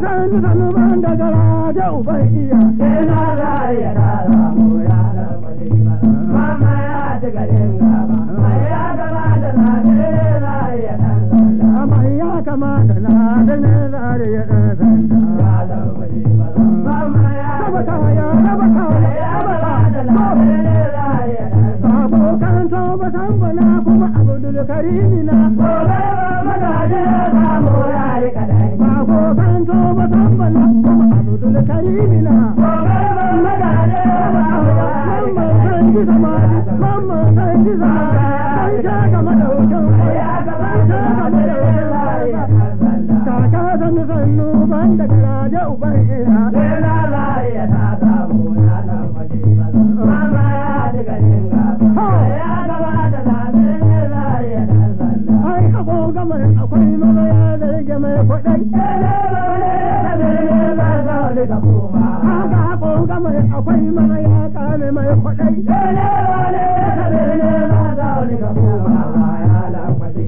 kan zanuban da gara da uban iya. Sai na ya a iya tara mu ranar kwalli ba. Mama ya ci garin gaba. Mai ya gaba da na ne za a iya ɗan sanda. Mai ya da na ne za ya iya ɗan sanda. Ranar kwalli ba. Mama ya raba kaya raba kaya. ya gaba da na ne za a iya ɗan sanda. ba toba tambala kuma abu dulkarimi na. halilina mamman san ji zama mamman san ga zama san sha ga madaukin san ga kaka sannu sannu ban uban ina kaga ƙonga mai akwai mana ya kame mai kwaɗai dole wale ka bene ma za wani ka kuma ya lankwaɗi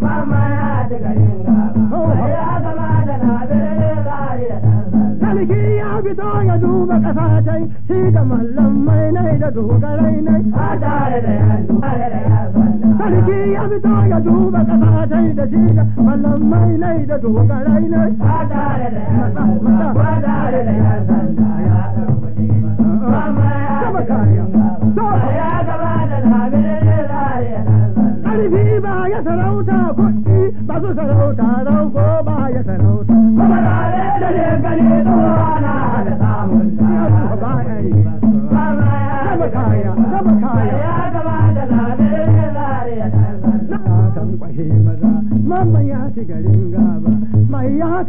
ba ma ya ci garin gaba ya gama da na bene zari da ɗan sarki ya fito ya duba ƙasa tai shi ga mallan mai nai da dogarai nai a tare da yanzu tare da yanzu sarki ya fito ya duba kasa tai da shi da mallamai nai da dogarai nai ba da da sanda ba da da sanda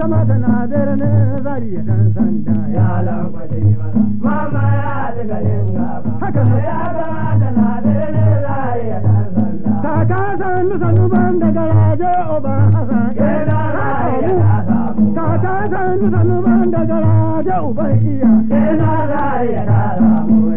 mama tana birnin zariya dan sanda ya lankwashe mata mama ya ji garin gaba haka ya gama tana birnin zariya dan sanda kaka sannu sannu ban da garaje uban hasan kena ta samu kaka sannu sannu ban da garaje uban iya kena ya ta samu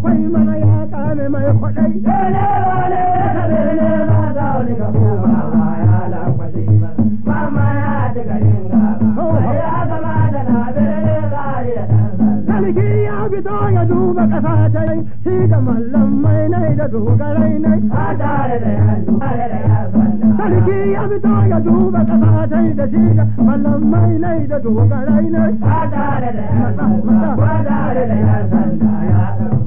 akwai mana ya kame mai kwaɗai. ne wale ne ne ma za wani ka kuma ma ya lankwashi ba. Mama ya ci garin ba. Ba ya gama da na bene ne da ɗan ya fito ya duba ƙasa ta yi shi ga mallan mai nai da dogarai nai. A tare da yanzu tare da ya Sarki ya fito ya duba ƙasa ta yi da shi ga mallan mai nai da dogarai nai. A tare da yanzu. A tare da yanzu.